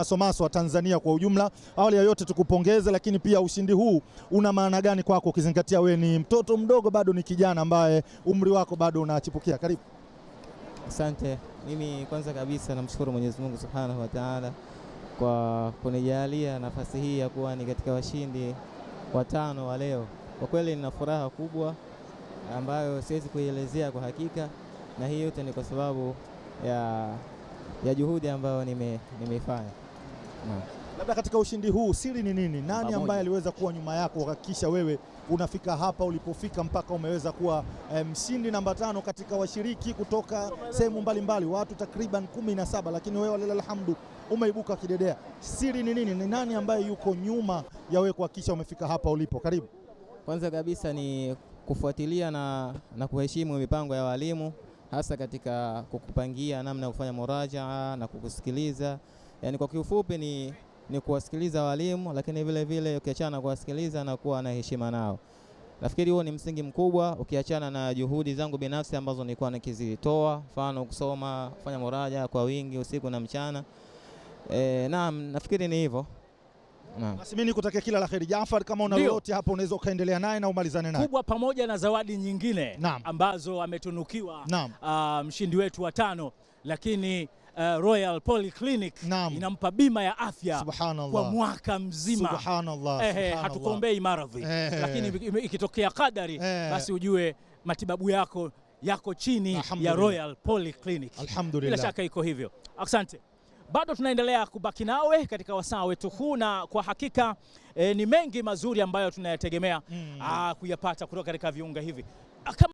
Masomaso wa Tanzania kwa ujumla, awali ya yote tukupongeze, lakini pia ushindi huu una maana gani kwako, ukizingatia wewe ni mtoto mdogo, bado ni kijana ambaye umri wako bado unachipukia? Karibu. Asante. Mimi kwanza kabisa namshukuru Mwenyezi Mungu Subhanahu wa Ta'ala kwa kunijalia nafasi hii ya kuwa ni katika washindi watano wa leo. Kwa kweli nina furaha kubwa ambayo siwezi kuielezea kwa hakika, na hii yote ni kwa sababu ya, ya juhudi ambayo nimeifanya nime Labda katika ushindi huu siri ni nini? Nani ambaye aliweza kuwa nyuma yako kuhakikisha wewe unafika hapa ulipofika mpaka umeweza kuwa eh, mshindi um, namba tano katika washiriki kutoka sehemu mbalimbali, watu takriban kumi na saba, lakini wewe walila alhamdu umeibuka kidedea. Siri ni nini? Ni nani ambaye yuko nyuma ya wewe kuhakikisha umefika hapa ulipo? Karibu. Kwanza kabisa ni kufuatilia na, na kuheshimu mipango ya walimu hasa katika kukupangia namna ya kufanya murajaa na kukusikiliza Yani kwa kiufupi ni, ni kuwasikiliza walimu, lakini vile vile ukiachana na kuwasikiliza na kuwa na heshima nao. Nafikiri huo ni msingi mkubwa, ukiachana na juhudi zangu binafsi ambazo nilikuwa nikizitoa, mfano kusoma, kufanya muraja kwa wingi usiku na mchana. E, naam, nafikiri ni hivyo. Basi mimi nikutakia kila la heri Jafar, kama una yote hapo unaweza ukaendelea naye na umalizane naye kubwa, pamoja na zawadi nyingine Naam. ambazo ametunukiwa ah, mshindi wetu wa tano, lakini Eh, Royal Polyclinic inampa bima ya afya kwa mwaka mzima. Subhanallah, eh, hatukuombei maradhi eh, lakini ikitokea kadari eh, basi ujue matibabu yako yako chini ya Royal Polyclinic. bila shaka iko hivyo. Asante. Bado tunaendelea kubaki nawe katika wasaa wetu huu na kwa hakika eh, ni mengi mazuri ambayo tunayategemea mm, ah, kuyapata kutoka katika viunga hivi. Ah,